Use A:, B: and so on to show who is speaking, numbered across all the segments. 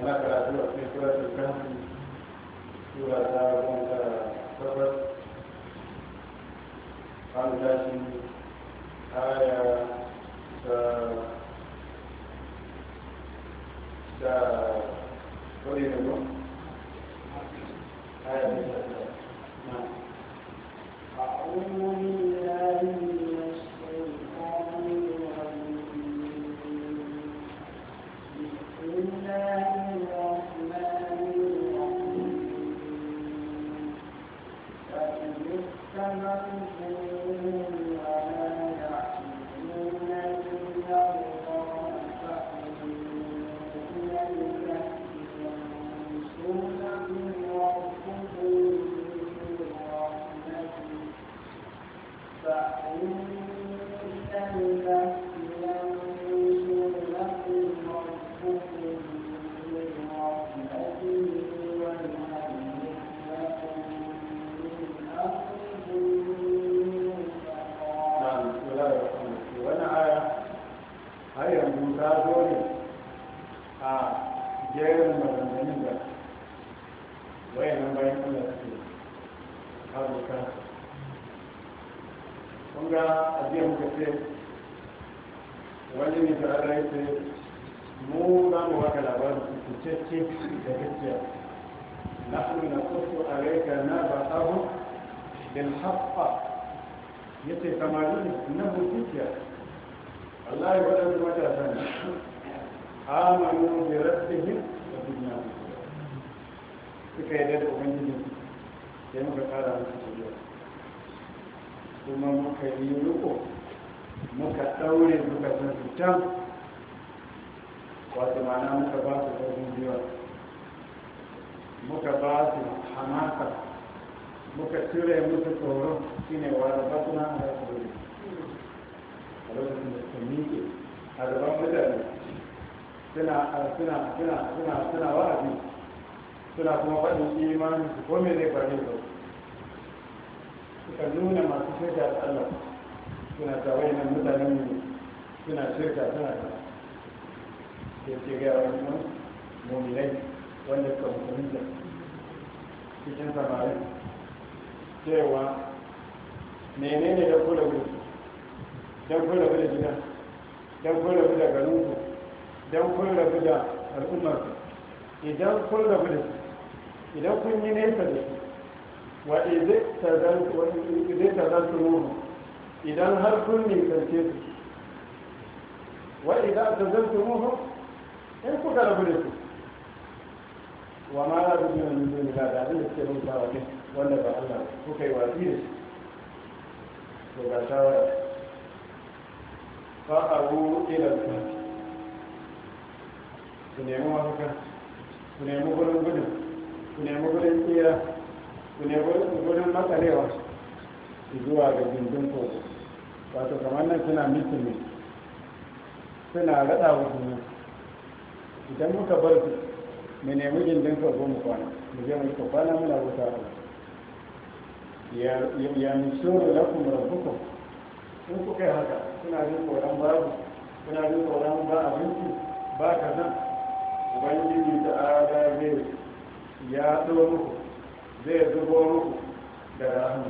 A: muna karatu a cikin suratul kahfi sura ta goma ta takwas an tashi aya ta ta kore ne ko aya ta ta
B: أعوذ
A: har yanzu ta zo ne a jerin maganganun da wayannan bayan allah suke kawo kansu kun ga ajiya muka ce wani ne da ala ce mu za mu baka labarin cikakke da gaskiya nahnu naqussu alayka na ba ba'ahu bil haqq yace kamar nan mutiya wallahi waɗansu matasa ne amanu da rabbihim wa bi nabiyyi suka yi da ubangiji sai muka kara musu shari'a kuma muka yi riko muka ɗaure muka san fitan wato ma'ana muka ba su ƙarfin biyuwa muka ba su hamasa muka cire musu tsoro shine wa da batuna a rasu a lokacin da suka miƙe a gaban mutane suna suna suna suna suna wa'azi suna kuma faɗin imanin su ko me zai faru da suka nuna masu shirka da Allah suna tawaye nan mutanen mu suna shirka suna ta ce ga wannan wanda suka mutunta cikin cewa menene da kula gudu don kun rabu da gida don kun rabu da garinku don kun rabu da al'ummarku idan kun rabu da su idan kun yi nesa da su wa ta za su ruhu idan har kun nisance su wa idan tazar su ruhu in kuka rabu da su wa ma za su biyan yin duni da abin da suke bauta wa ne wanda ba Allah kuka yi wa da shi to ga shawara fa'abu ila da kahfi ku nemi mafaka ku nemi gurin gudun ku nemi gurin tsira ku nemi gurin makalewa zuwa ga gindin kogo wato kamar nan suna mitin suna raɗa wa juna idan muka bar su mu nemi gindin kogo mu kwana mu je mu kwana muna wuta a ya mishoro lakum rabbukum in kuka yi haka suna jin tsoron babu suna jin tsoron ba abinci ba ka kaza ubangiji ta ala zai ya tsoro muku zai zubo muku da rahama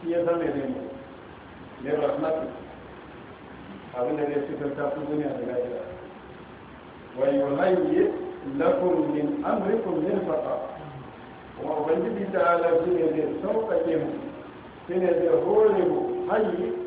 A: shi ya zama ne mu ne rahmatu abin da zai cikin ta su duniya da lafiya wa yuhayyi lakum min amrikum wa kuma ubangiji ta ala shi ne zai sauƙaƙe mu shi ne zai hore mu hanyi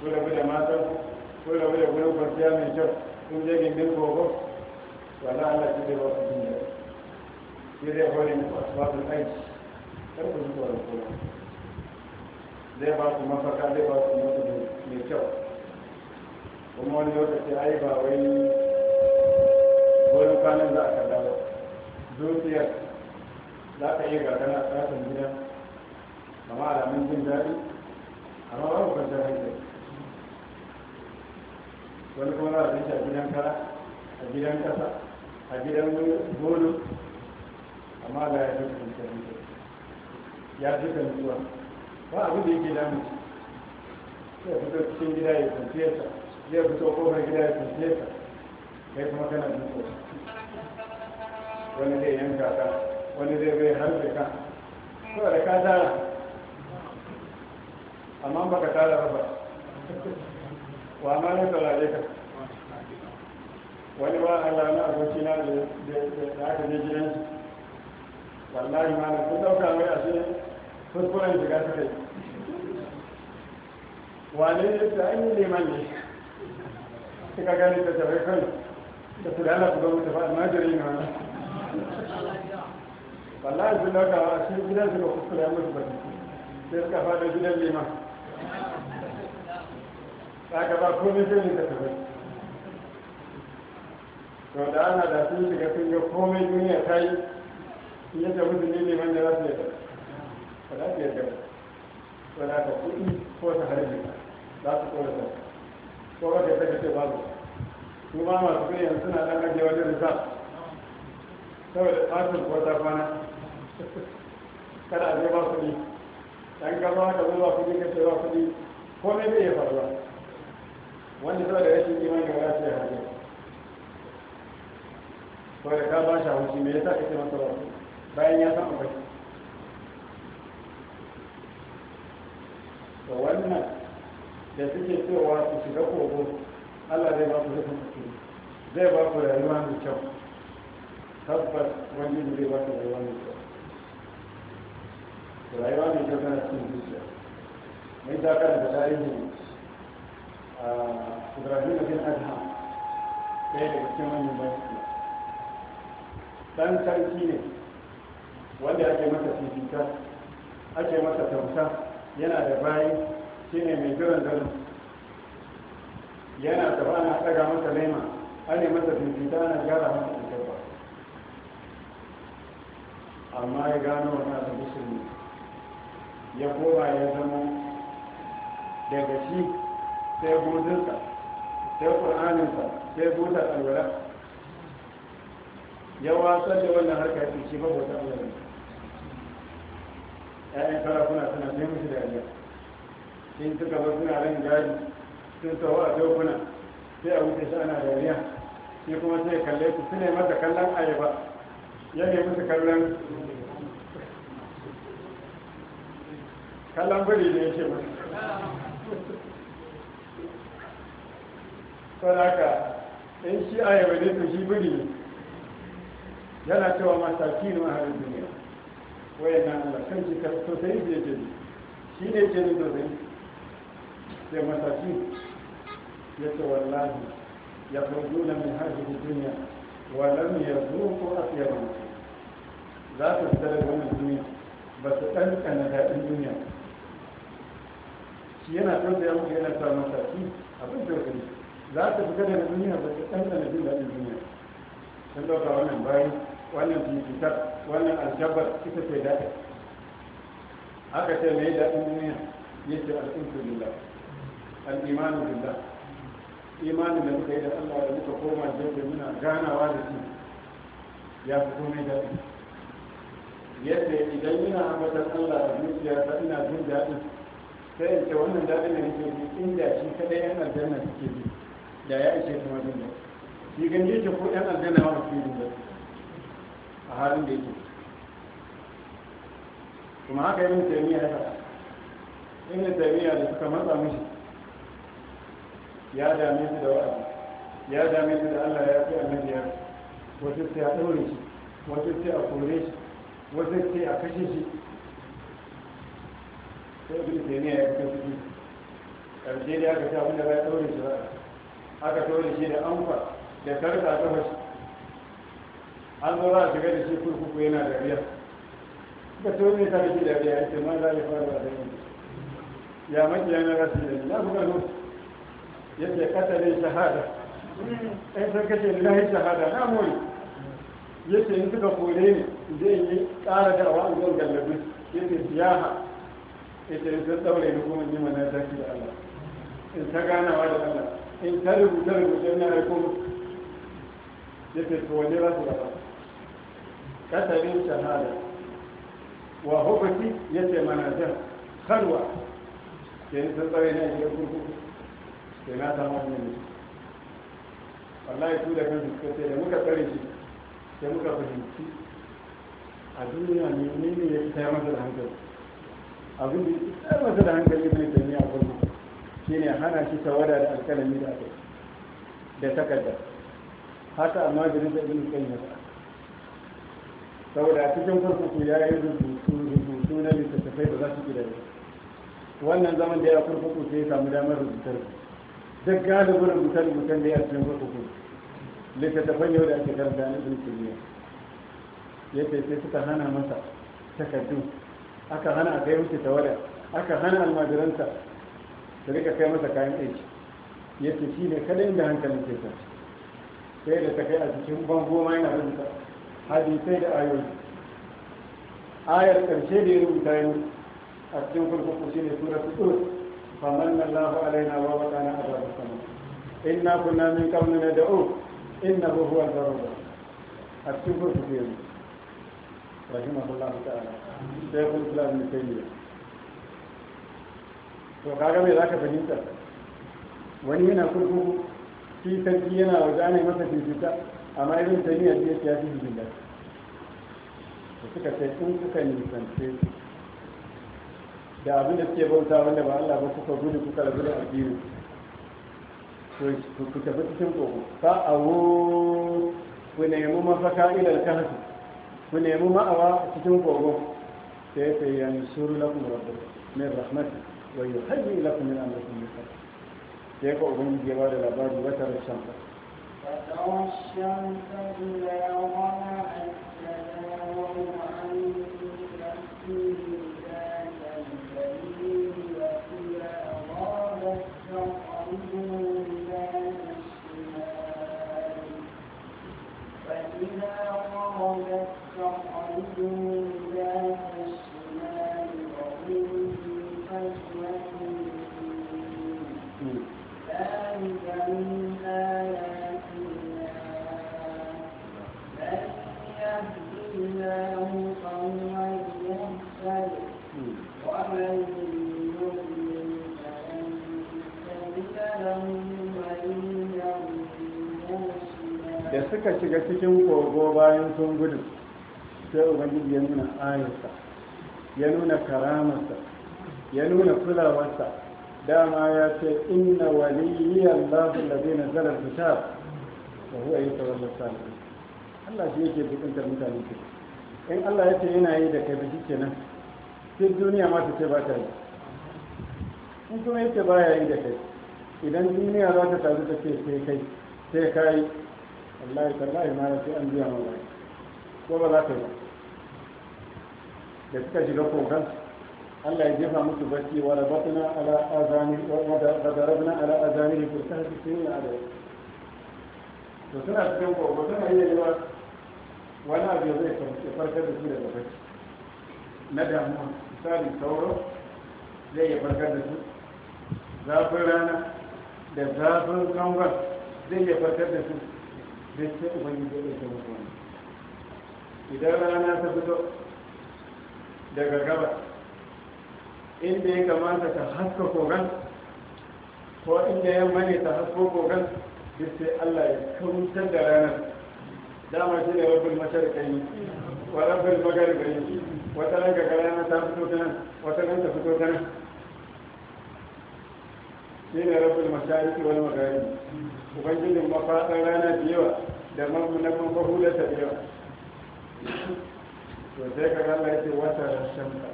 A: kun rabu da matan kun rabu da gurin kwanciya mai kyau kun je gindin gobe wala Allah shi zai ba ku duniya shi zai hore muku asibabin aiki kar ku ji tsoron kowa zai ba ku mafaka zai ba ku mutu mai kyau kuma wani lokaci ai ba wai wurin kwanan za a kalla ba zuciyar za ka iya gagana a tsakin gida kama alamun jin daɗi amma babu kwanciyar hankali wani kuma za a gan a gidan kara a gidan kasa a gidan golo amma ga ya fi kwanciyar ya fi kwanciya ba abu da yake damu ya fito cikin gida ya kwanciyar sa ya fito kofar gida ya kwanciyar sa kai kuma kana mutu wani zai yanka ka wani zai bai har da ka ko da ka tara amma baka tara ba wa ma ya saurare ka wani ba Allah na abokina da aka je gidan shi wallahi ma na sun dauka mai a sai kuskuren shiga suka yi wane ne ta an yi liman ne suka gani ta tafi kan da su da ana ku gwamnati ba na jiri ne wani wallahi sun dauka a shi gidan suka kuskure musu ba sai suka faɗa gidan liman kaga ba komai sai ne ka tafi to da ana da sun shiga sun ga komai duniya ta yi in ya tafi da ne man da za su yadda ba za su yadda ba za ka kuɗi ko ta harbi za su kora ta ko ba ka ta ce babu su ma masu kai yanzu suna ɗan ajiye wajen risa saboda fatin ko ta kwana kada a je ba su kuɗi dan gaba ka zo ba kuɗi ka ce ba kuɗi komai bai faruwa wanda zuwa da rashin iman ga ya ce hajji ko da ka ba shi me yasa kake masa ba bayan ya san akwai to wannan da suke cewa su shiga kogo Allah zai ba ku rufin asiri zai ba ku rayuwa mai kyau tabbas wani zai ba ku rayuwa mai kyau rayuwa mai kyau tana cikin zuciya mai ta karanta tarihi ibrahim bin adha ɗaya daga cikin manyan bayan dan sarki ne wanda ake masa fifita ake masa tauta yana da bayi shi mai jiran zanen yana taba na daga masa laima ana masa fifita ana gyara masa cutar amma ya gano wani da musulmi ya koma ya zama daga shi sai hudunsa sai ƙur'aninsa sai buta alwala ya wasan da wannan harka ya tsinci ba bauta Allah Ya'yan ƴaƴan sarakuna suna sai musu dariya sun suka ba suna ran gari sun tsawo a dokuna sai a wuce shi ana dariya shi kuma sai kalle su su ne masa kallon ayaba ya ne musu kallon kallon bari ne ya ce masa saraka in shi a yi ne to shi ne yana cewa masakinu a harin duniya wayan na Allah kan shi sosai da jini shi ne jini sosai sai masakinu ya ce wallahi ya farzu na min harin duniya ya a fiye ba mutu za su fita daga wannan duniya ba su ɗan ɗanɗana daɗin duniya shi yana tausaya muku yana sa masa shi abin tausayi za ta fita daga duniya ba ta ɗanɗana jin daɗin duniya sun ɗauka wannan bayi wannan fifitar wannan aljabar ita ce daɗin aka ce mai daɗin duniya ya ce al'insu lillah al'imanu lillah imanin da muka yi da allah da muka koma jefe muna ganawa da shi ya fi komai daɗi yadda idan yana ambatar allah da zuciya ta ina jin daɗin. sai in ce wannan daɗin da nake ji inda shi kaɗai yan aljanna suke ji da ya ishe ta wajen da shi gani yake ko ɗan aljanna wa su yi a halin da yake kuma haka yi min taimiyya haka ibn taimiyya da suka matsa mishi ya dame su da wa'azi ya dame su da Allah ya fi annabi ya wasu sai a ɗaure shi wasu sai a kore shi wasu sai a kashe shi sai ibn taimiyya ya fito su ƙarshe da aka ce abin da za a ɗaure shi ba aka tori shi da amfa da sarka ta kafa shi an zo za a shiga da shi kurkuku yana da riya ka tori ne ta shi da riya ita ma za a fara da yin ya makiya na rasu da na kuka zo yadda ne shahada ɗan sun kashe na yi shahada na mori yadda in suka kore ne zai yi tsara da wa zuwan gallabin yace siyaha ita in sun ɗaure ni kuma ni mana zafi da Allah in ta ganawa da Allah in ta rubuta rubuta ina haiko ya ce to wanne za su gaba kasarin shahada wa hukuki ya ce manajan kalwa ke yi sun tsare na iya kurkuku ke na samu wani ne wallahi su da kan suka ce da muka tsare shi sai muka fahimci a duniya ne ne ya fi tsaye masa da hankali abin da ya fi masa da hankali ne da ne a kwallo shine hana shi tawada da alkalami da aka da takarda haka amma jirin da ibn kai ya saboda a cikin kurkuku ya yi rubutu rubutu na littattafai da za su gida wannan zaman da ya kurkuku sai ya samu damar rubutar duk galibin rubutar rubutar da ya cikin kurkuku littattafan yau da ake karanta na ibn kai ya ce sai suka hana masa takardu aka hana a kai wuce tawada aka hana almajiransa su rika kai masa kayan aiki ya ce shi ne kadai inda hankalin ke ta sai da ta kai a cikin bango ma yana rubuta hadisai da ayoyi ayar karshe da ya rubuta yi a cikin kurkuku shi ne sura tutur faman allahu alaina wa wa na azabar sama na kunna min na da'o in na al zarurwa a cikin kurkuku ya rahimahullahu ta'ala sai kun kula da ne. to kaga za zaka fahimta wani yana kurku shi sarki yana waje ana masa fifita amma irin tamiya ce ya fi jibin da suka ce sun suka nisance da abin da suke bauta wanda ba Allah ba kuka gudu kuka rabu da addini to ku tafi cikin kogo fa awo ku nemi mafaka ilal kahfi ku nemi ma'awa cikin kogo sai ta yansuru lakum rabbukum min rahmatihi wa yuhayyi yana min amrikum yusra sai ka ubangiji ya ba da labari wata rashin ka
B: فترى الشمس إلى وضعت عن تأتيه da
A: suka shiga cikin kogo bayan sun gudu sai ubangiji ya nuna ayyuka ya nuna karamarsa ya nuna kulawarsa dama ya ce inna waliyyi Allahu allazi nazala kitab wa huwa yatawalla salihin Allah shi yake bukuntar mutane ke in Allah ya ce yana yi da kai biki kenan sai duniya ma ta ce ba ta yi in kuma yake baya yi da kai idan duniya za ta tafi ta ce sai kai sai kai wallahi tallahi ma sai an biya ma wani ko ba za ka yi da suka shiga kogan Allah ya jefa musu bacci wa rabatna ala azani wa darabna ala azani fi sahbi sin ala to suna cikin kogo suna iya yi wani abu zai farkar da su daga bacci na damuwa misali sauro zai iya farkar da su zafin rana da zafin kangon zai iya farkar da su ubangiji idan rana ta fito daga gaba inda ya kamata ta haska kogan ko inda yamma ne ta hasko kogan duk sai allah ya kautar da ranar dama shi ne rabin masharƙai wa rabin magarbai wata ranka ga rana ta fito ta nan wata ranka fito ta nan shine rabbul mashariki wal magharibi ubangijin mafaɗan rana da yawa da mamunafin bahulata da yawa to sai ka ga mai wata rashin ka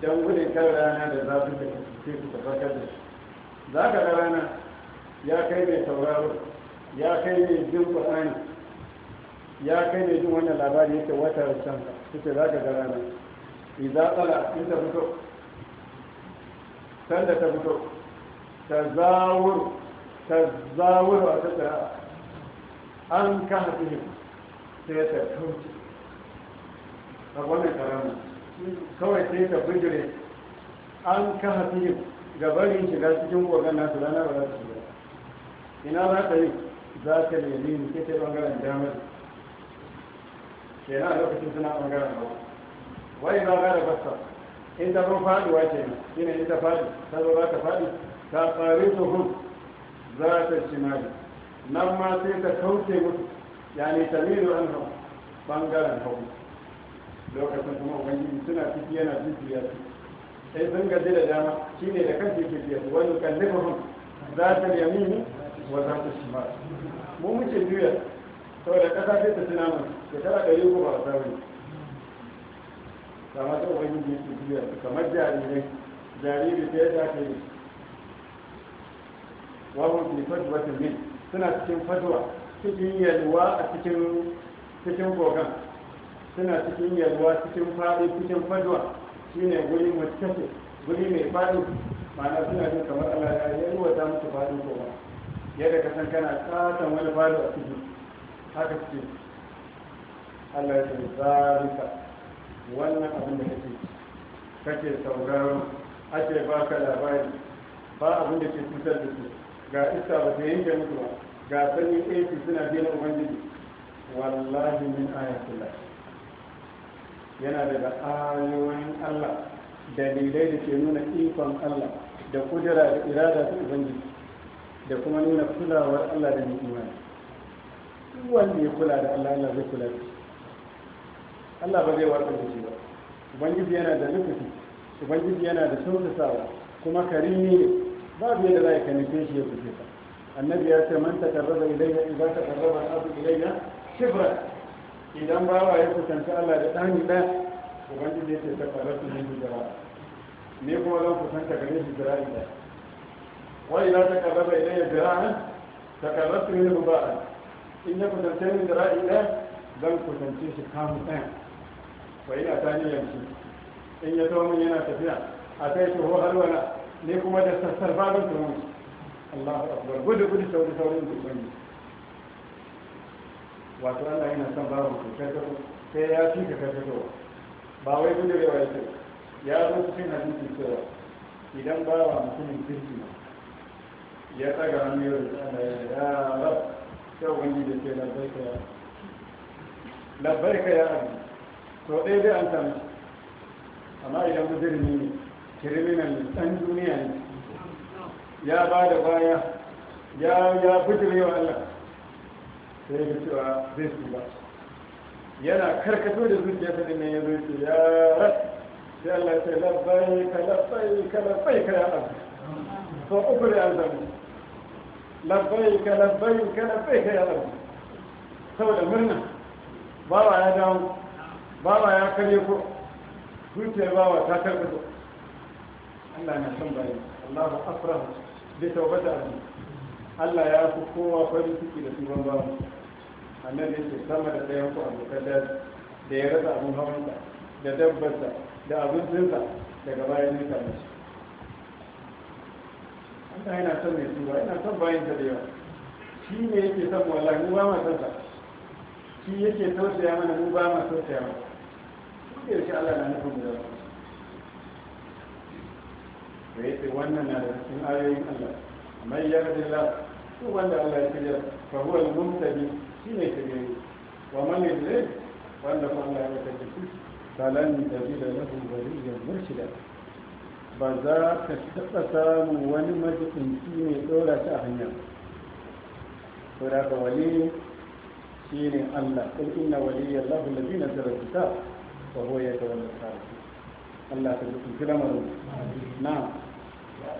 A: dan gure kan rana da zafi da ke tabbatar da zaka za ka ga rana ya kai mai sauraro ya kai mai jin ƙwaƙwani ya kai mai jin wannan labari yake wata rashin ka zaka za ka ga rana idan tsala inda ta fito sanda ta fito tazawur tazawur a ta tsara an kana fihim sai ta kauce a wannan karamu kawai sai ta bijire an kana fihim gabarin shiga cikin kogon nasu rana ba za su shiga ina za ka yi za ka nemi ni ta bangaren damar kenan lokacin suna bangaren hawa wai ba gara basta in ta zo faduwa kenan shine in ta fadi ta zo za ta fadi ta tsari hun za ta shimali nan ma sai ta kauce musu ya ta tamilu an hau bangaren hau lokacin kuma ubangiji suna ciki yana ya su sai sun gaji da dama shine da kan ke fiye su wani hun za ta ne wa za ta shimali mu muke juya saboda kasa sai ta tuna mu tara ɗari uku ba a sauri kama ta ubangiji su juya su kamar jarirai jariri ta yadda ta yi wawo bi fatwatin min suna cikin fatwa cikin yalwa a cikin cikin kogan suna cikin yalwa cikin faɗi cikin fatwa shine guri mutkafi guri mai faɗi ma'ana suna jin kamar Allah ya yalwa ta mutu faɗin kogan yadda ka san kana katon wani faɗi a ciki haka cikin Allah ya ce zalika wannan abin da kake kake sauraro ake baka labari ba abin da ke cutar da su ga iska ba ta yanke mutu ba ga sanyin aiki suna biyan ubangiji wallahi min ayatullah yana daga ayoyin Allah dalilai da ke nuna ikon Allah da kudura da irada ta ubangiji da kuma nuna kulawar Allah da ni'imani wanda ya kula da Allah Allah zai kula da shi Allah ba zai warka da shi ba ubangiji yana da nufi ubangiji yana da tausasawa kuma karimi ne babu yadda za ka nufe shi ya fice ka annabi ya ce man takarraba ilayya idza takarraba al-abdu ilayya shibra idan bawa ya kusanci Allah da dani da ubangiji ya ce takarraba min jara ne kuma zan kusanta gare shi jira ida wa Ta takarraba ilayya jira'an takarrabtu min ruba'an in ya kusance min jira ida zan kusance shi kamun ɗaya wa ina tani yanzu in ya tawo min yana tafiya a kai shi ho har halwala ne kuma da sassarfa don ta Allah Allahu akbar gudu gudu sauri sauri da ubangi wato Allah yana son babu ku karkato sai ya fi ka karkatowa ba wai gudu ya wai ya zo cikin hadisi cewa idan wa mutumin kirki ya tsaga hannu ya rubuta ya rab sai wani da ke labbaika ya labbaika ya abu to ɗaya zai an samu amma idan mutum ne criminal ɗan duniya ne ya ba da baya ya ya bujire wa Allah sai ya cewa zai su ba yana karkato da zuciyarsa din nan ya zo ya rab sai Allah ya ce labbai ka labbai ka labbai ka ya Allah to uku da ya zama labbai ka labbai ka labbai ka ya Allah saboda murna bawa ya dawo bawa ya karye ko zuciyar bawa ta karkato Allah na son bayi ba afrahu bi tawbata abi Allah ya fi kowa farin ciki da tsoron tuban babu annabi yake sama da ɗayan ku abokan da da ya rasa abin hawansa da dabbarsa da abincinsa daga bayan nika da shi Allah yana son mai tuba yana son bayan da yawa shi ne yake son wallahi mu ba ma son sa shi yake tausaya mana mu ba ma tausaya mana duk da yake Allah na nufin da da da yake wannan na da cikin ayoyin Allah mai yardillah Su wanda Allah ya shirya fa huwa al-muhtadi shine shirye wa man yudlil wanda fa Allah ya tafi falan tajida lahu waliyyan murshida ba za ka taɓa samun wani majibinci mai ɗora shi a hanya to da ka wali shi ne Allah kun inna waliyyar lahu lafi na zarar kita ba ya ta wani tsarki Allah ta jikin kira maru na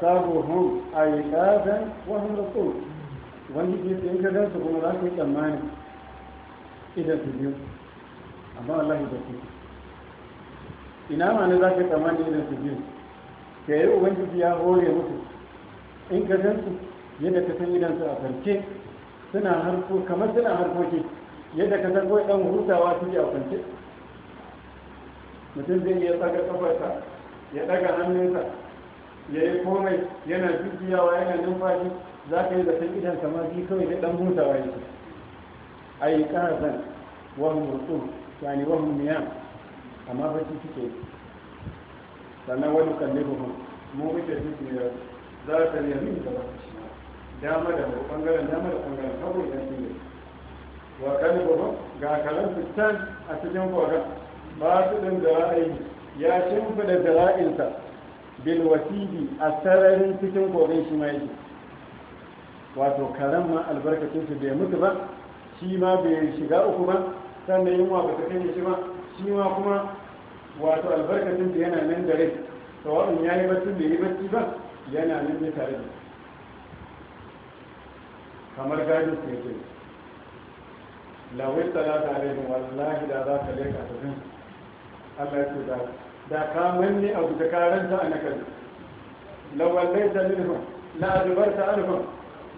A: tasaruhum aiqadan wa hum rasul wani ji in ka gansu kuma za ka tsammani idan su biyu amma Allah ya su ina ma ne za ka tsammani idan su biyu Ke yi ubangiji ya hore musu in ka gansu yadda ka san idan su a farke suna harko kamar suna harkoki yadda ka san kawai dan hutawa suke a kwance mutum zai iya tsaga kafarsa ya daga hannunsa ya yi komai yana jujjuyawa yana numfashi za ka yi san idan kama shi kawai da ɗan hutawa yake a yi ƙarazan wahun rukun yani wahun miya amma bacci suke sannan wani kalli buhun mu wuce su yau za ta yi yamin da shi. dama da ɓangaren dama da ɓangaren hagu idan su ne wa kalli buhun ga kalan fitan a cikin kogon ba su ɗin da ra'ayi ya shimfida da ra'ayinsa bilwasili a sararin cikin kogin shi ma yake wato karen ma albarkacin su bai mutu ba shi ma bai shiga uku ba sannan yunwa ba ta kai shi ba shi ma kuma wato albarkacin da yana nan da rai sawa'un ya yi bacci bai yi bacci ba yana nan da tare da kamar gadin su yake lawai talata alaihi wallahi da za ka leka ta Allah ya ce da da ka manne abu da karanta a nakali lawallai da na la ta anhum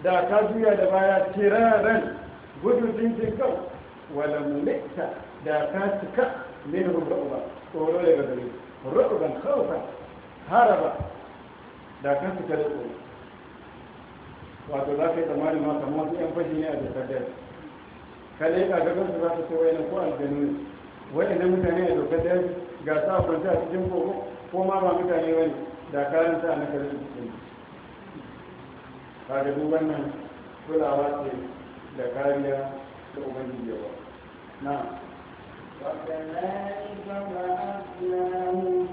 A: da ka juya da baya tiraran gudu jinjin kan wala mulita da ka cika da ru'ba tsoro daga gare ru'ban khawfa haraba da ka cika da tsoro wato za ka yi tsammanin ma kamar yan fashi ne a dokar dare ka leƙa gaban su za su ce wani ko aljanu ne mutane a dokar ga sa kwanci a cikin koko ko ma ba mutane wani da karin sa na karfi cikin ba da duk wannan kulawa ce da kariya da ubangiji yawa na ba ba
B: وكذلك بعثناهم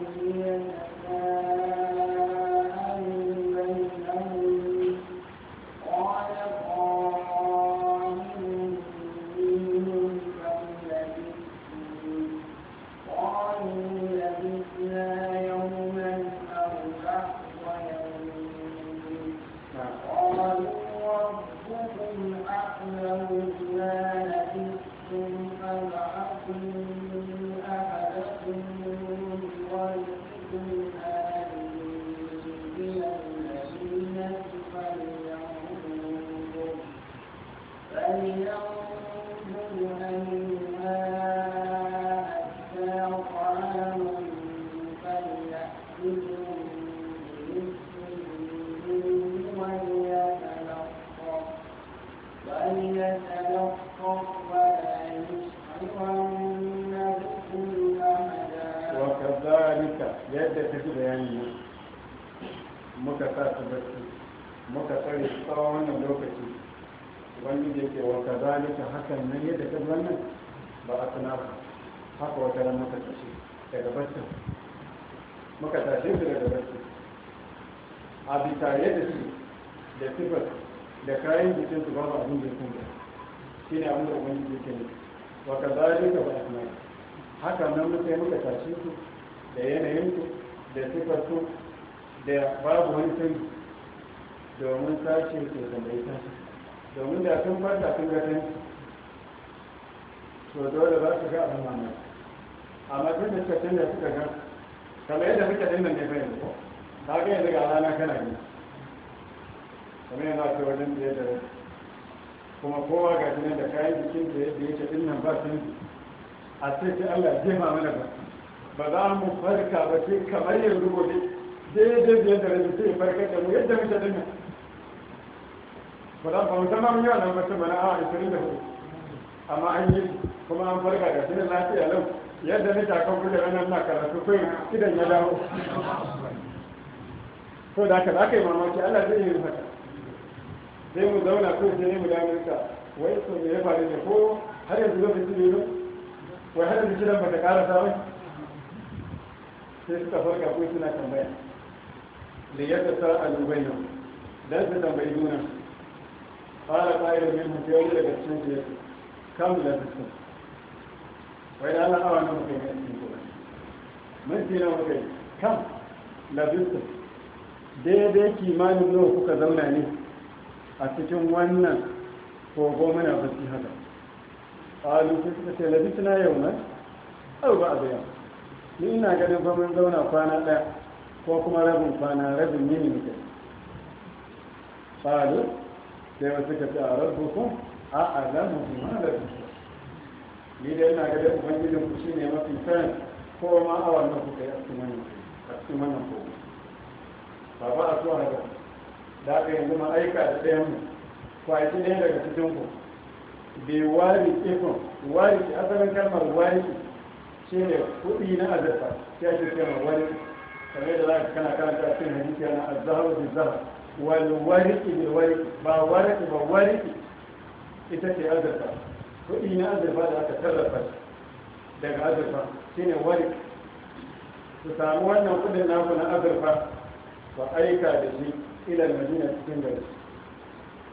A: yadda ta ji bayani nan muka sa su barci, muka tsare tsawon wannan lokaci wani da ke wata kazalika hakan nan yadda ta wannan ba a tuna ba haka wata ran muka tashi daga bacci muka tashi su daga barci. a bisa yadda su da sifar da kayan jikin su babu abin da gaba shi ne abin da wani jikin ne wa kazalika ba a tuna haka nan muka yi muka tashi su da yanayinsu da sifarsu da babu wani sani domin sashi ke tambayi sashi domin da sun farta sun ga sani to dole ba su ga abin mamaki amma tun da suka canza suka ga kamar yadda muke dinnan ne bayan ko ta ga yanzu ga rana kana ne kamar yana ce wajen da ya kuma kowa ga shi da kayan jikin da yadda yake dinnan ba sun a sai sai Allah ya jema mana ba ba za mu farka ba sai kamar yanzu gobe daidai biyar da rai sai farka da mu yadda muke dinga ba za mu zama mun yi wannan mutum a awa ishirin da hudu amma an yi kuma an farka da sinin lafiya lau yadda ta kan kujerar nan na karatu kai idan ya dawo so da haka za ka yi mamaki allah zai yi haka sai mu zauna ko sai mu dawo ka wai sau me ya faru ne ko har yanzu zai fi wai har yanzu kiran ba ta karasa wai sai suka farka ko suna tambaya yadda ta alubai na. don su tambayi nuna fara ƙa'idar min mutu yau daga cikin su yake kam da su sun wai da ana awa na mutu yau cikin su mun ce na mutu kam da su daidai kimanin nawa kuka zauna ne a cikin wannan kogo muna basi haka ƙalu sai suka ce suna yau na au ba a bayan ni ina ganin fa mun zauna kwana ɗaya ko kuma rabin kwana rabin yini muke Fadu, sai wasu ka ce a rabbukum a alamu ma da ni dai ina ganin ubangijin ku shine mafi sanin ko ma a wannan ku kai a cikin ko ba ba a zuwa haka da aka yanzu ma aika da ɗayan mu kwanci ne daga cikin ku bai wari ikon wari asalin kalmar wari shi ne kuɗi na azurfa ya ce ce ma wani kame da za ka kana karanta cikin hadisi yana azharu bi zahar wal warqi bil warqi ba warqi ba warqi ita ce azurfa kuɗi na azurfa da aka sarrafa daga azurfa shi ne warqi ku samu wannan kuɗin naku na azurfa ba aika da shi ila madina cikin gari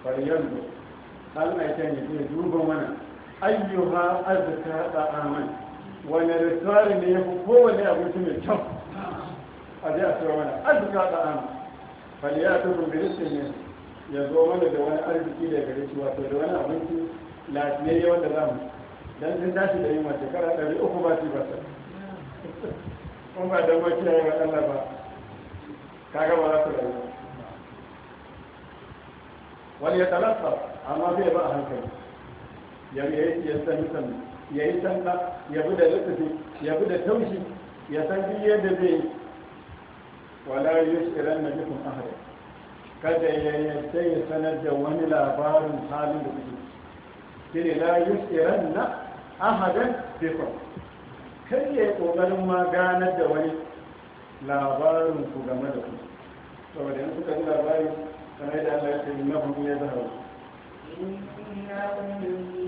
A: faryanzu an aika ne zai duba mana ayyuha azka da aman wani restaurant ne ya fi kowane abinci mai kyau a zai a cewa mana arzika da ana fali ya ta rumbirisin ne ya zo mana da wani arziki da gare shi wato da wani abinci lafiyayye wanda za mu dan sun tashi da yin wata kara ɗari uku ba su ba kun ba da mace ya yi wa Allah ba kaga ba za su rayu wani ya talasta amma bai ba a hankali ya yi ya sami sami ya yi sanka ya bi da lutufi ya bi da taushi ya san duk yadda zai wala iran na nufin ahari kada ya yadda ya sanar da wani labarin halin da kuke shine la iran na Ahadan bikin kai ya yi kokarin ma ganar da wani labarin ku game da ku saboda yanzu suka ji labarin sanar da Allah ya ce innahum yazharu
B: innahum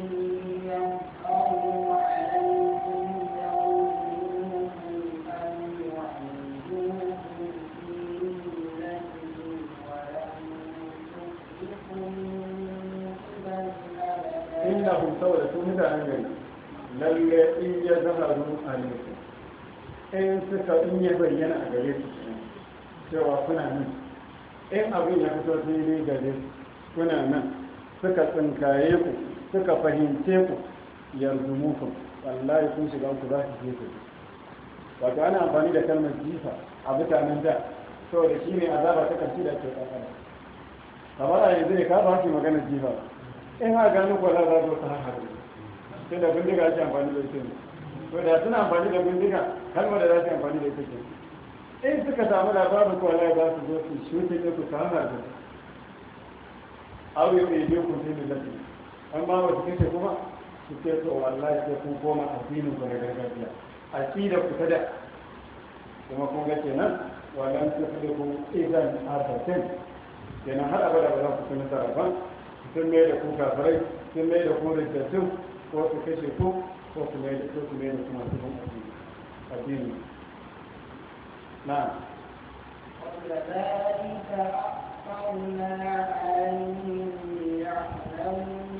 A: suka in ya bayyana a gare su cewa kuna nan in abin ya fito fili gare su kuna nan suka tsinkaye ku suka fahimce ku yanzu muku wallahi sun shiga ku za su je ku wato ana amfani da kalmar jifa a mutanen da saboda shi ne azaba ta kanci da ke kakara kamar a yanzu ne ka ba ki magana jifa in ha gano ko za su zo ta har sai da bindiga ake amfani da shi ne da suna amfani da bindiga ma da za su amfani da ita ke in suka samu da labarin ko Allah za su zo su shuke ne ku samu da aure mai biyu ku sai da lafiya an ba wasu kace kuma su ce to wallahi sai kun koma a addinin ku na gargajiya a aqida ku ta da kuma kun ga kenan ku tuflihu idan abadan kenan har abada ba za ku ci nasara ba sun mai da ku kafirai sun mai da ku rintattun ko su kashe ku ko menos da menos kuma não kuma su não. não
B: وكذلك أخطرنا عليهم يعلمون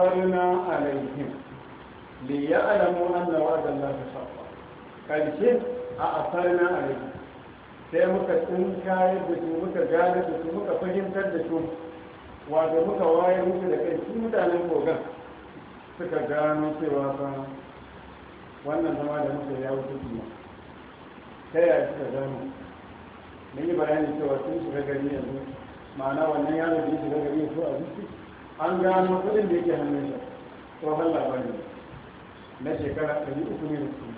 A: أثرنا عليهم ليعلموا أن وعد الله حق قال شيء أثرنا عليهم sai muka tsinkayar da su muka gane da su muka fahimtar da su wato muka wayar musu da kai su mutanen kogan suka gano cewa fa wannan zama da muka ya wuce kuma ta yaya suka gano mun yi bayani cewa sun shiga gari yanzu ma'ana wannan yaro da ya shiga gari ya so a zuci an gano kudin da yake hannun shi to halla ba ne na shekara ɗari uku ne da su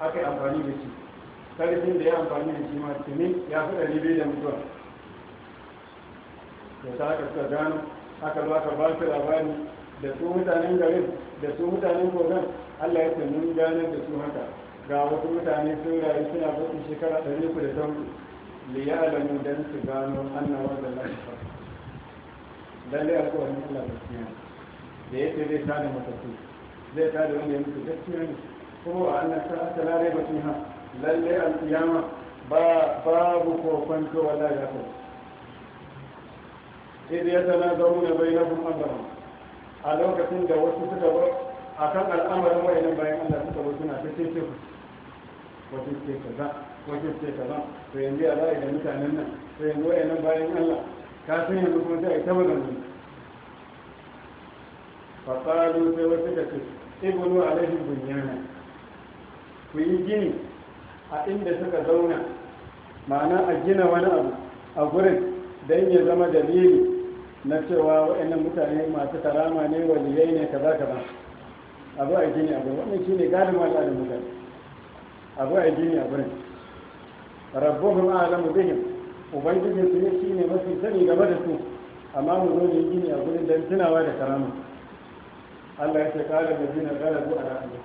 A: aka yi amfani da shi karfin da ya amfani da shi ma tuni ya fi ɗari biyu da mutuwa da ta aka suka gano aka ba ka ba su labari da su mutanen garin da su mutanen kogon allah ya ce mun ganar da su haka ga wasu mutane sun rayu suna bakin shekara ɗari uku da ta hudu liya'alamu don su gano annawa da lafiya lalle alƙawarin Allah gaskiya da ce zai tada matattu zai tada wanda ya mutu gaskiya ne kuma wa Allah ta aka lare ba ha lalle alƙiyama ba babu kofanto wala ya ko sai ya na zaune bai na kuma a lokacin da wasu suka bar kan al'amarin wayannan bayan Allah suka bar suna ta ce ce wajen ce kaza wajen ce kaza to yanzu ya za'a da mutanen nan to yanzu wayannan bayan Allah ka san yanzu kuma sai a ta magana faƙalu sai wasu da su ibnu alaihi bunyana ku yi gini a inda suka zauna ma'ana a gina wani abu a gurin don ya zama dalili na cewa waɗannan mutane masu karama ne waliyai ne kaza kaza abu a gini a gurin wannan shine galima al'adun mutane abu a gini a gurin rabbuhum a'lamu bihim ubangijin su ne shi ne mafi sani game da su amma mu zo ne gini a gurin don tunawa da karama Allah ya ce kare da zina zuwa a ra'ayi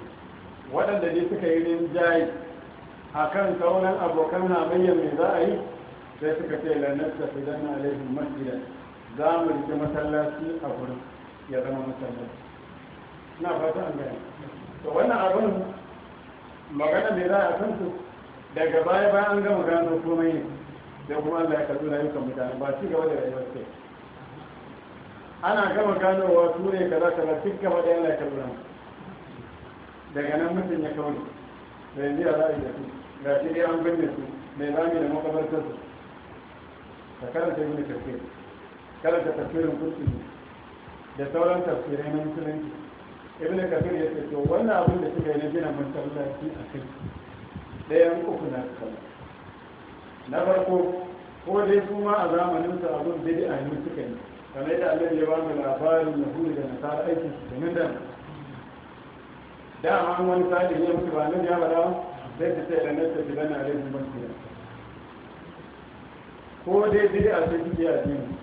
A: waɗanda ne suka yi jayi a kan sauran abokan hamayya mai za a yi sai suka ce lannar da fi dan alaihim masjida za mu rike masallaci a gurin ya zama masallaci na fata an gani to wannan abin magana mai za a kansu daga baya bayan an gama gano komai ne sai kuma Allah ya yi rayukan mutane ba ci gaba da rayuwar sai ana gama ganowa ture kaza kaza cikin gaba da Allah ya na daga nan mutum ya kawai da yanzu ya za'a da su ga shi dai an binne su mai zami da makabartar su ka karanta yi tafsir karanta tafsirin kursi da sauran tafsirai na musulunci ibn kafir ya ce to wannan abin da suka yi na gina masallaci a kai yan uku na kallon na farko ko dai kuma a zamanin sa a bid'a yi suka yi kamar yadda Allah ya ba mu labarin huri da Nasara aikin su kenan da an wani sa'adi ne mutu ba nan ya bada sai ta sai ranar ta rai alaihi masjid ko dai a ce kike addini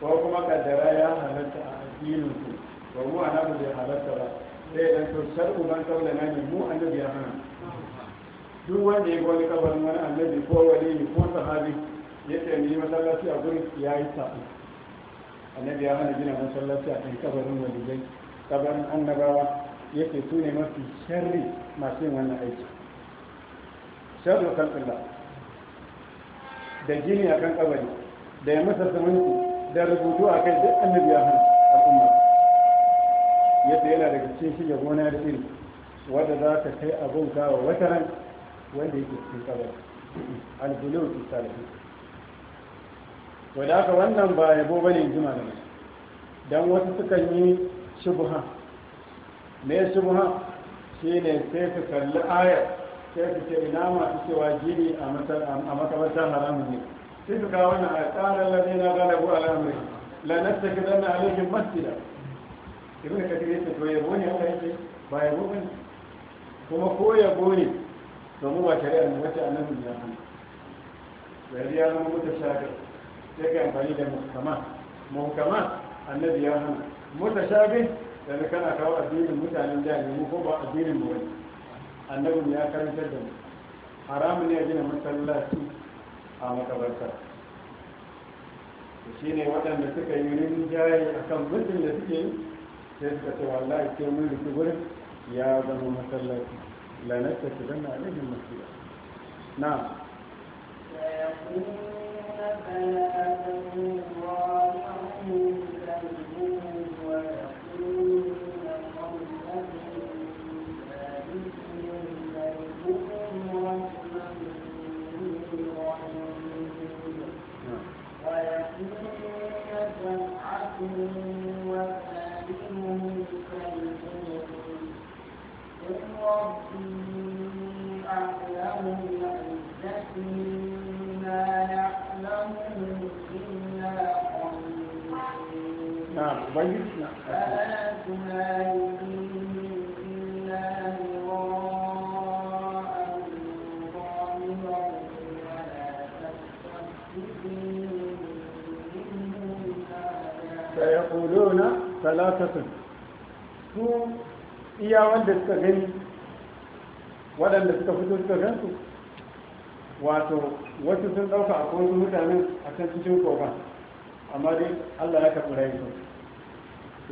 A: ko kuma kaddara ya halatta a addinin su, ba mu ana bai halatta ba sai dan to shar'u ban kaula na ne mu annabi ya hana duk wanda ya gwani kabarin wani annabi ko wani ko sahabi ya ce ni masallaci a gurin ya yi sabu annabi ya hana gina masallaci a kan kabarin walidai kabarin annabawa ya ce su ne mafi sharri masu yin wannan aiki sharri kalkula da gini a kan kabari da ya masa samanci da rubutu a kai duk annabi ya hana al'umma ya ce yana daga cikin shiga gona da iri wadda za ta kai abin kawo wata ran wanda yake cikin kabari albulu fi salafi wanda aka wannan ba yabo bane jima da mai dan wasu sukan yi shubha me shubha ne sai su kalli aya sai su ce ina masu cewa jini a makabartar haramun ne sai su kawo wani a tsarin lalai na galabu alamuri lanasta ki zanna alaikin masjida ibn kathir yake to yabo ne aka yace ba yabo ne kuma ko yabo ne domin ba shari'ar mu wacce annabi ya hana Bari ya zama mutu shafi sai ka amfani da muhkama muhkama annabi ya hana mutu shafi yanzu kana kawo addinin mutanen da jami'in mu ko ba addinin mu wani annabin ya karantar da mu haramun ne ya gina masallaci a makabarta shi ne waɗanda suka yi rinjaye a kan mutum da suke yi sai suka ce wallahi ce mun rufe wurin ya zama masallaci lanarta su zanna a masira na
B: فلا تكون ubangiji sayaquluna
A: salatatun su iya wanda suka gani waɗanda suka fito suka gansu wato wasu sun ɗauka a wasu mutane a can cikin kofa amma dai allah ya karɓi rayuwa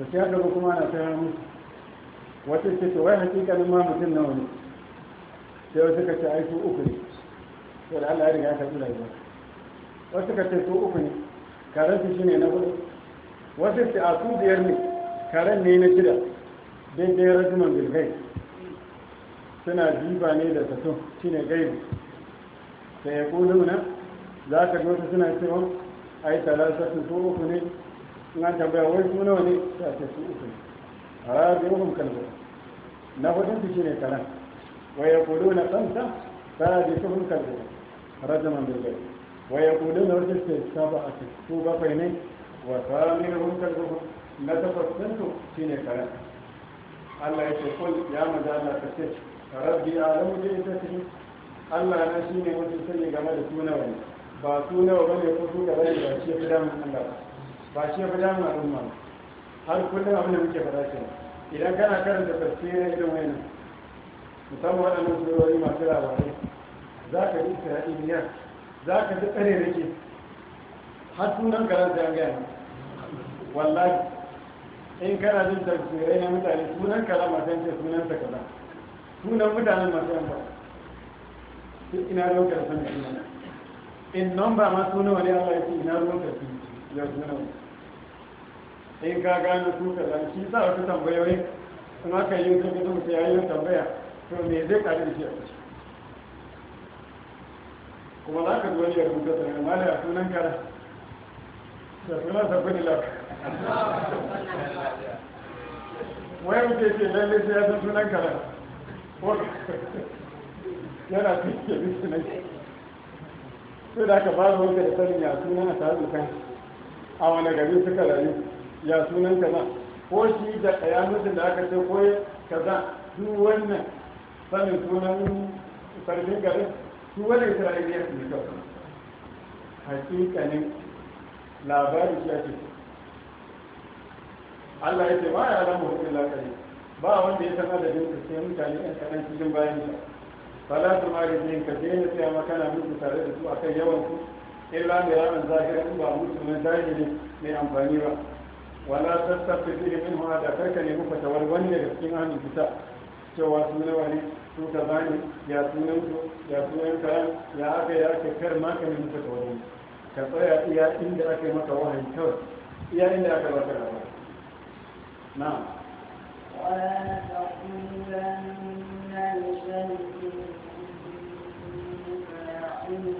A: to sai aka kuma na tayar musu wata ce to wai ma mutum nawa ne sai wasu ka ce ai su uku ne to da Allah ya riga ya wasu ka ce su uku ne karen su shine na hudu wasu ce a su biyar ne karen ne na shida daidai rajuman bilgai suna jiba ne da sato shine gaibi. sai ya kuluna za ka ga suna cewa ai talatatun su uku ne na tambaya wai su nawa ne sai a ce su uku a rabihum kalbu na hudun su shine karan wa yaquluna khamsa sadisuhum kalbu rajaman bil ghaib wa yaquluna rajul ko su fa ne wa saminuhum kalbu na tafassin su shine karan Allah ya ce kul ya maza Allah ka ce rabbi alamu bi ce Allah na shine mutum sani game da su ne ba su bane ko su gaba ne ba ce fidan Allah ba ba shi ya damu damun ba. har kullum abin da muke faɗa ke idan kana karanta tafsirin irin wani musamman waɗannan surori masu labarai za ka ji isra'iliya za ka ji tsare rike har sunan karanta an gaya wallahi in kana jin tafsirai na mutane sunan kaza masu yanke sunan sa kaza sunan mutanen masu yanka ina ruwan karfan da ina in nan ba ma suna wani allah ya ce ina ruwan karfan in ka gano su ka zan shi sa wasu tambayoyi sun aka yi sun fito su yayi tambaya to me zai kare da shi a ciki kuma za ka zo ne rubuta sanar ma da sunan kara da suna sabbin lak wai mutum ce lalle sai ya san sunan kara yana tuke da na shi sai da aka fara wanka da sanin ya sunan a tare da kanshi a wani gari suka rayu ya sunan kaza ko shi da mutum da aka ce ko kaza su wannan sanin sunan sarkin garin su wani isra'iliya su ne kawai hakikanin labari shi ake Allah ya ce ba ya zama hukun lakari ba wanda ya sanar adadin jinsu sai mutane ɗan kanan cikin bayan sa fala su ma jin ka daina tsaya makana musu tare da su akan yawan illa da yaron zahirin ba mutumin zahiri mai amfani ba wala sassafi fihi min huwa da karka ne muka tawar wani daga cikin hannun fita cewa suna wani su ka bani ya sunan su ya sunan kayan ya aka ya aka kar maka ka ne muka tawar wani ka tsaya iya inda ake maka wahayi kawai iya inda aka baka da wahayi na'am
B: ولا تقولن لشيء إني فاعل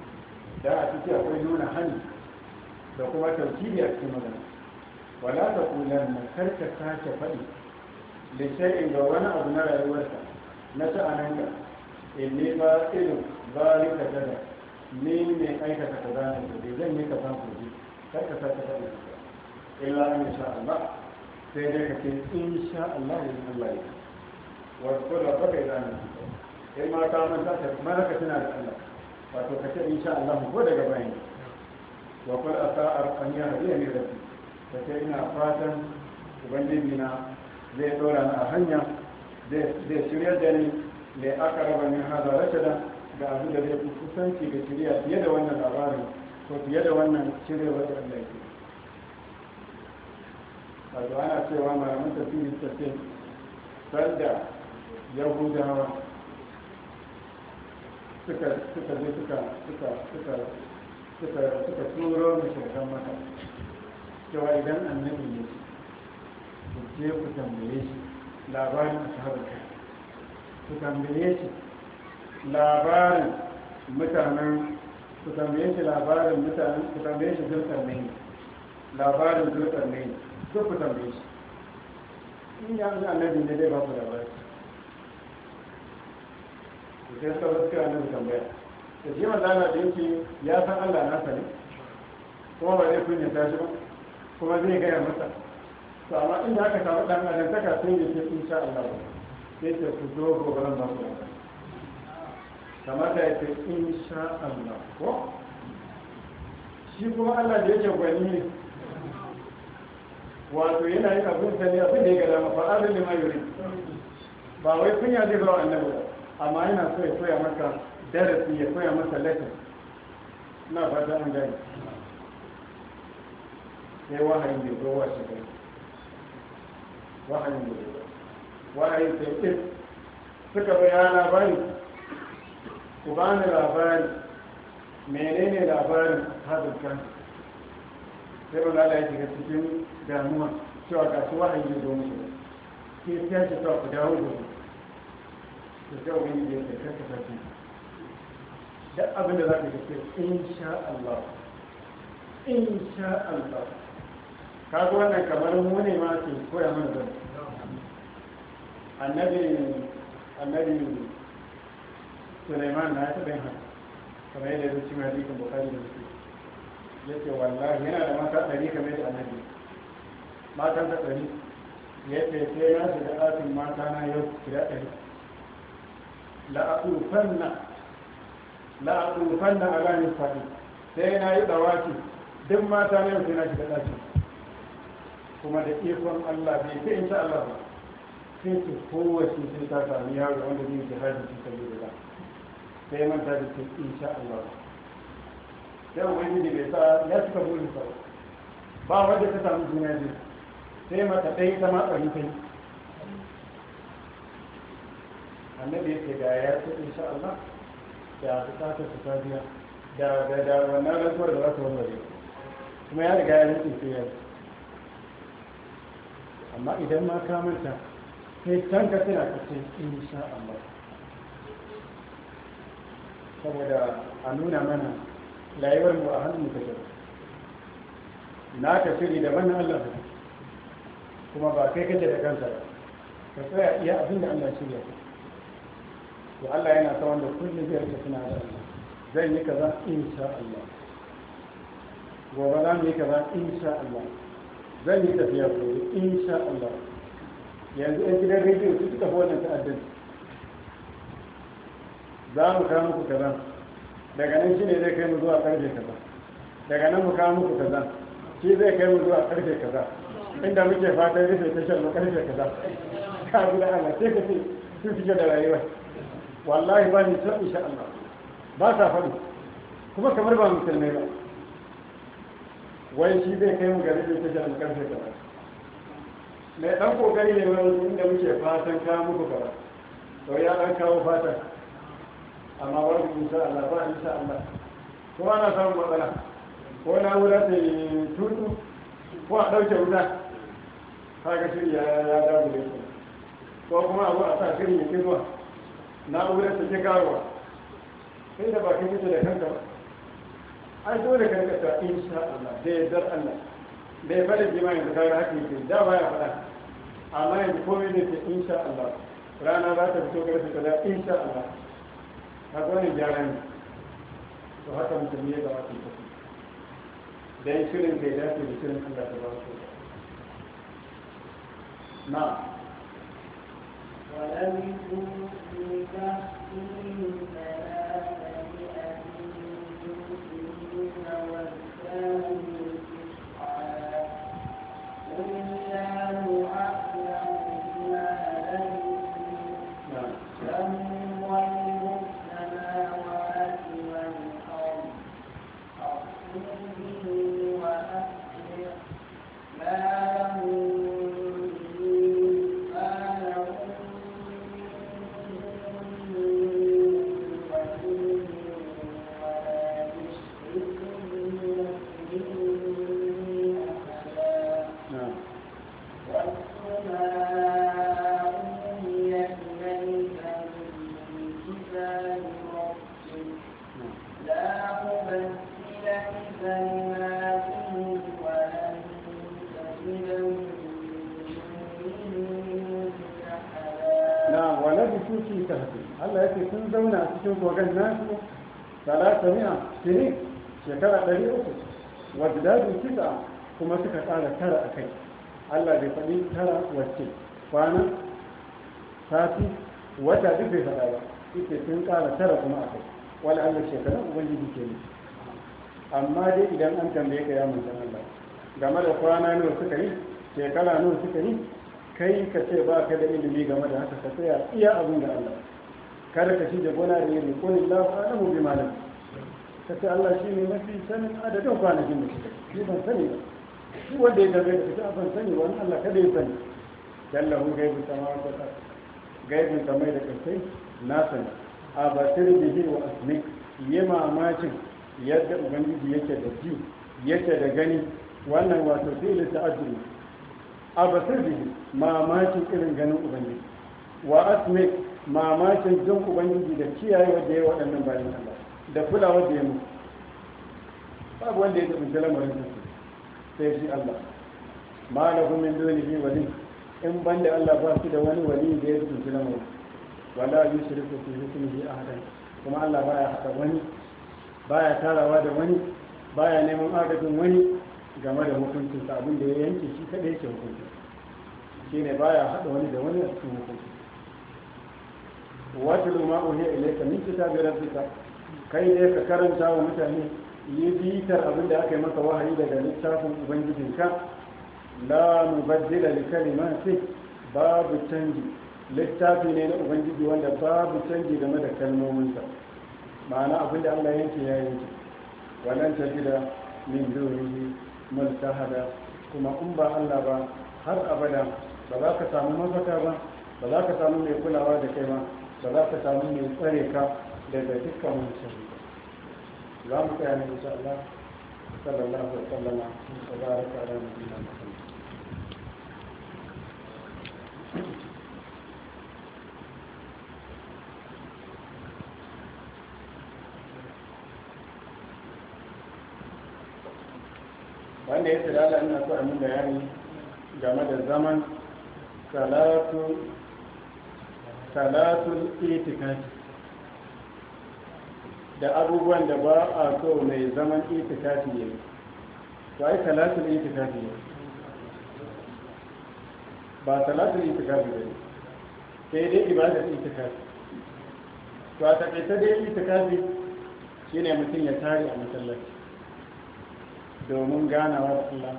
A: da a ciki akwai nuna hannu da kuma tauhidi a cikin magana wala ta kulan na karka sace faɗi da shay'in ga wani abu na rayuwarka na sha'ananka in ne ba irin ba rika dada ne ne aikata ka zanen da bai zan yi ka san kogi karka sace faɗi illa in sha Allah sai dai ka ce in sha Allah ya zama Allah ya wasu kula ba kai zanen in ma ta manta ta ka tana da Allah wato ka in sha Allah ko daga bayan wa qad asa'a an yahdiya ni rabbi ka ce ina fatan ubangiji na zai dora a hanya zai shirya da ni da aka raba min da rashada da abin da zai kusanci da shirya fiye da wannan labarin ko fiye da wannan shirya wata Allah ya wato ana cewa malamin tafiyar tafiyar sanda yahudawa suka suka je suka suka suka suka suka turo mashirkan mata cewa idan annabi ne ku je ku tambaye shi labarin ashabar kai ku tambaye shi labarin mutanen ku tambaye shi labarin mutanen ku tambaye shi zurtar ne labarin zurtar ne duk ku tambaye shi in ya zo annabi ne dai ba ku labarin sai suka wasu kira nan tambaya da shi manzo Allah da yake ya san Allah na ne kuma ba zai kunya ta shi ba kuma zai gaya masa to amma inda aka samu dan adam saka sai ya ce insha Allah sai ce ku zo gobe nan ba ku kamata ya ce insha Allah ko shi kuma Allah da yake gwani ne wato yana yin abin sani abin da ya gada mafa abin da mai ba wai kunya zai ba wa annabi ba amma yana so ya koya masa darasi ya koya masa lesson na fata an gani sai wahayin da ya wa shi gani wahayin da ya wahayin da ya suka bai ya labari ku ba ni labari menene labarin hadin kan sai ba za shiga cikin damuwa cewa ga shi wahayin ya zo musu siya shi ta ku dawo gobe da zai wani yin da kanka sarki da abin da za ka tafi insha Allah insha Allah Ka kaga wannan kamar mu ne ma ke koya mana zan annabi annabi Sulaiman na ta bai haka kamar yadda zai cimma hadisin Bukhari da Muslim yace wallahi yana da mata ɗari kamar da annabi matan ta ɗari yace sai ya shiga ɗakin mata na yau kira ɗari la'atufanna a ranar fadi sai na yi dawaki duk mata na yau sai na shiga ɗakin kuma da ikon Allah bai fi in Allah ba sai su kowace sai ta sami yaro wanda zai ji hajji su kai da sai manta da ta insha Allah ba sai wani ne bai sa ya suka burin ba wanda ta samu juna ne sai mata ɗaya ta matsa yi kai annabi yake da ya ce insha Allah da bukatar su ta biya da da da wannan da za ta warware kuma ya riga ya rantsi sai ya amma idan ma ka manta sai can ka tana ka ce insha Allah saboda a nuna mana layuwar mu a hannun ka jira na ka shiri da na Allah kuma ba kai kake da kanka ba ka tsaya iya abin da Allah shirya ka ya Allah yana ta wanda kullum zai ta suna da Allah zai yi kaza insha Allah gobe za mu yi kaza insha Allah zan yi tafiya gobe insha Allah yanzu yan gidan rediyo su suka fi wannan ta'addin za mu kawo muku kaza daga nan shi ne zai kai mu zuwa karfe kaza daga nan mu kawo muku kaza shi zai kai mu zuwa karfe kaza inda muke fatan rufe tashar mu karfe kaza ka guda Allah sai ka ce sun fice da rayuwa wallahi ba ni san insha Allah ba sa faɗi kuma kamar ba musulmai ba wai shi zai kai mu gari da take mu karfe gaba mai dan kokari ne wani inda muke fatan ka muku gaba to ya dan kawo fatan amma wani insha Allah ba insha Allah Ko ana samun matsala ko na wura ta tutu ko a ɗauke wuta ga shirya ya dawo ne ko kuma abu a sa shirya zuwa? na'urar ta ke karuwa sai da bakin mutu da kanka ba ai dole ka rika ta insha Allah da yardar Allah da ya fara jima yanzu kawai haka yake da ba ya faɗa amma yanzu komai da ce insha Allah rana za ta fito karfe kaza insha Allah haka wani gyara ne to haka mutum ya gaba ta tafi yin shirin da ya dace da shirin Allah ta ba su na'am
B: Thank you.
A: suci ta hafi Allah yake sun zauna a cikin kogon nasu talata mi'a tiri shekara ɗari uku wadda dajin kisa kuma suka tsara tara a kai Allah bai faɗi tara wacce kwana sati wata duk bai faɗa ba ita sun ƙara tara kuma a kai wani Allah shekaru ubangiji ke nufi amma dai idan an tambaye ka ya manzan Allah game da kwana nawa suka yi shekara nawa suka yi kai ka ce ba ka da ilimi game da haka ka tsaya iya abin da Allah kada ka shige gona da yin rikon Allah fa bi malam ka ce Allah shi ne mafi sanin adadin kwanakin da suka yi ban sani ba shi wanda ya gabe da ban sani ba Allah kada ya sani hu gaibin samawa ko ta gaibin samai da kasai na sani a basir bihi wa asmik yema mamakin yadda ubangiji yake da ji yake da gani wannan wato fili ta'ajjuri a basirri mamakin irin ganin ubangiji wa asmi mamakin jin ubangiji da kiyaye da ya waɗannan bayan Allah da kulawar da ya mutu babu wanda ya tafi lamarin su sai shi Allah ma lahu min dunihi wali in banda Allah ba su da wani wali da ya tafi lamarin wala yushriku fi hukmihi ahadan kuma Allah baya haɗa wani baya tarawa da wani baya neman agajin wani game da hukuncin abin da ya yanke shi kada yake hukunci ne baya haɗa wani da wani a cikin hukunci wata luma uhiya ilaika min kitabi rabbika kai dai ka karanta wa mutane yi bitar abin da aka yi masa wahayi daga littafin ubangijinka la mubaddila li kalimati babu canji littafi ne na ubangiji wanda babu canji game da kalmominsa ma'ana abin da Allah yanke ya yanke wannan tafida min dunihi multahada kuma in ba Allah ba har abada ba za ka samu mafaka ba ba za ka samu mai kulawa da kai ba ba za ka samu mai tsare ka daga dukkan musulmi za mu tsaya ne insha Allah sallallahu alaihi wa sallama wa baraka ala wanda ya tilala ina so a min yari game da zaman salatu salatul itikafi da abubuwan da ba a so mai zaman itikafi ya yi to ai salatul itikafi ne ba salatul itikafi ba ne sai dai ibadar itikafi to a takaice dai itikafi shine mutum ya tare a masallaci domin ganawa da Allah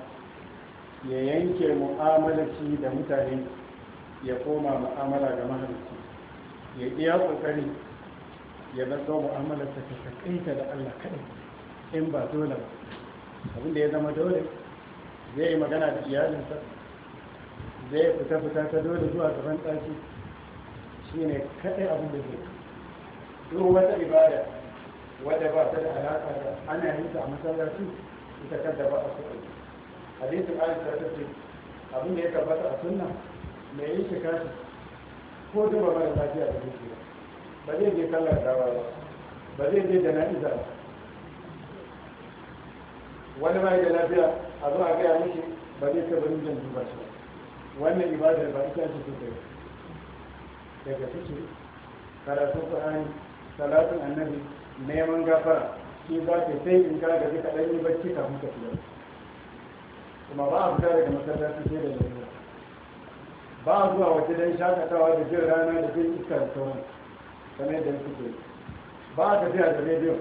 A: ya yanke mu'amalaci da mutane ya koma mu'amala ga mahalicci ya iya kokari ya zato mu'amalarsa ta taƙaita da Allah kaɗai in ba dole ba abinda ya zama dole zai yi magana da iyalinsa zai fita fita ta dole zuwa gaban ɗaki shi ne kaɗai abin da zai duk wata ibada wadda ba ta da alaƙa da ana yin ta a masallaci ita da ba a suka yi hadisin aisha ta ce abin da ya tabbata a sunna mai yi shi kashi ko ba mara lafiya da zuci ba zai je kallar dawa ba ba zai je jana'iza ba wani mai da lafiya a zuwa gaya mishi ba zai taɓa bari jan duba shi wannan ibadar ba ita ce suka yi daga suke karatun ƙur'ani salatun annabi neman gafara shi za ka sai in ka gaji ka ɗan yi bacci kafin ka fiyar kuma ba a fita daga masallaci sai da lalura ba a zuwa waje don shakatawa da jin rana da jin iska da sauran kamar yadda suke ba a tafiya da rediyo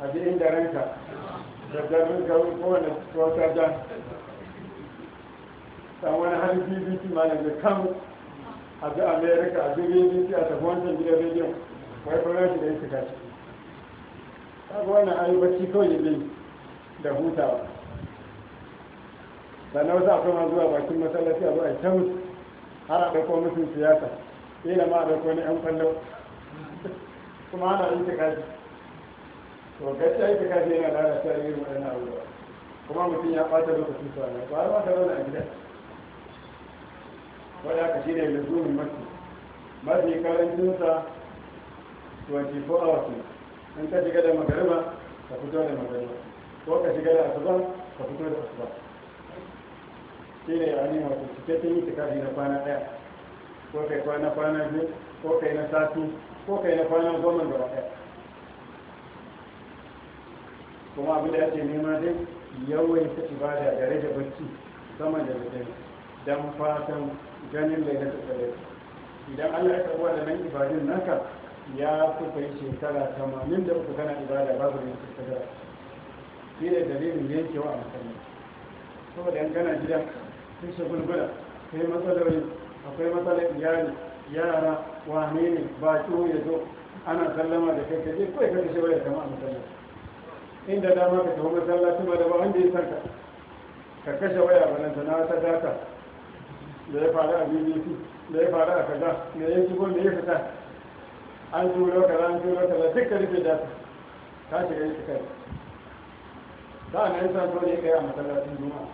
A: a ji inda ranka da garin garin kowane wata jan san wani har bbc malam da kan a ji america a ji bbc a tafi wancan gidan rediyon wai shi da ya ka shi haka wani ayi bacci kawai ya da hutawa sannan wasu akwai ma zuwa bakin masallaci a zuwa ta har a ɗauko musu siyasa ila ma a ɗauko na yan kwallo kuma ana yin tikafi to yi ta tikafi yana yi irin waɗannan abubuwa kuma mutum ya ɓata lokacin su wannan ba ma ka zauna a gida wani aka shi ne lazumin mafi mafi karancinsa 24 hours ne in ka shiga da magariba ka fito da magariba ko ka shiga da asuba ka fito da asuba shi ne yani wato cikakken itikafi na kwana ɗaya ko kai kwana kwana biyu ko kai na sati ko kai na kwana goma da ɗaya kuma abin da ake nema dai bada ibada da rage bacci sama da mutum dan fatan ganin na tsakarai idan Allah ya karɓa da nan ibadin naka ya fi kai shekara tamanin da uku kana ibada babu da ta shekara shi ne dalilin yankewa a masallaci saboda yan kana gida sun shi gulgula sai matsaloli akwai matsalar iyali yara wane ne ba ciwo ya zo ana sallama da kai kaje kawai ka bai wayar kama a masallaci inda dama ka tafi masallaci ba da ba wanda ya san ka kashe waya balanta na wata data da ya faru a bbc da ya faru a kaza da ya shigo da ya fita an turo kaza an turo kaza duka rufe da ka shiga shi kai sa'an nan san so ne kai a masallacin juma'a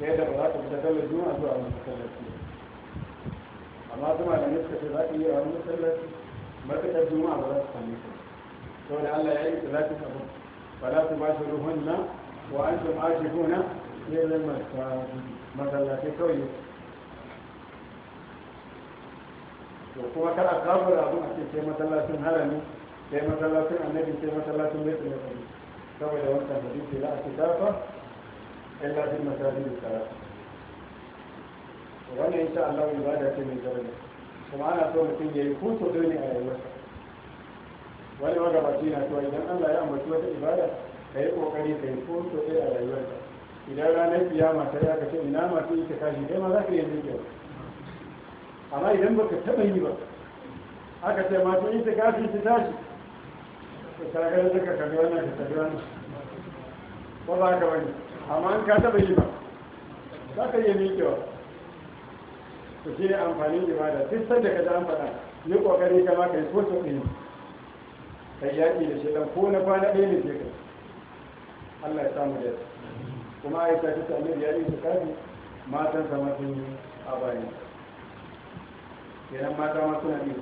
A: da yadda ba za ka fita kallon juma'a zuwa masallaci amma su da suka ce za ka yi a wani masallaci barkatar juma'a ba za su same ka saboda Allah ya yi salatin abu ba za su ba shi ruhun nan wa an tum ne illa masallaci kawai to kuma kada a kafar abin a cikin masallacin harami sai masallacin annabi sai masallacin baitul maqdis saboda wannan hadisi la atikafa illa fil masajid salat wannan insha Allah ibada ce mai daraja kuma ana so mutum yayi kusa dole a rayuwarsa wani magabaci na cewa idan Allah ya ambaci wata ibada ka yi kokari ka yi kusa dole a rayuwarka idan ranar kiyama ta yi aka ce ina masu yi ta kashi dai ma za ka yi zuciya amma idan baka taɓa yi ba aka ce masu yi gafi su tashi su tagarar suka kalli wannan ka tafi wannan ko ba ka wani amma an ka taɓa yi ba za ka iya miƙewa ku shi ne amfanin ibada duk sanda ka ji an faɗa yi ƙoƙari kama ka yi ko ɗin ka yi yaƙi da ɗan ko na kwana ɗaya ne ke Allah ya samu da kuma a yi tafi ta annabi ya su kafi matan sama sun yi a bayan kenan mata ma suna biyu.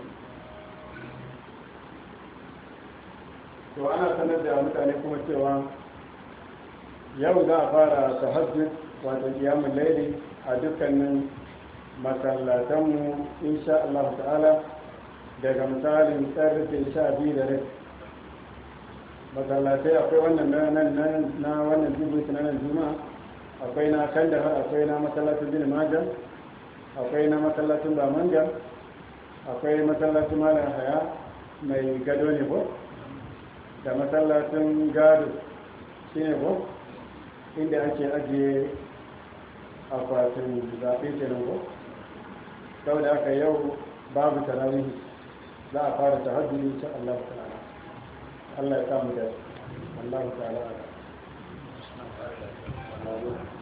A: to ana sanar da mutane kuma cewa yau za a fara hajji wato kiyamun laili a dukkanin masallatanmu insha Allah ta'ala daga misalin karfe sha biyu da rai masallatai akwai wannan nan na wannan jibuti na nan juma'a akwai na kandahar akwai na masallacin bin majan akwai na masallacin bamanja akwai masallacin malam haya mai gado ne da masallacin gado shi ne inda ake ajiye akwatin zaɓe kenan ko sau da aka yau babu tarawih za a fara ne ta Allah ta'ala Allah ya samu da Allah ta'ala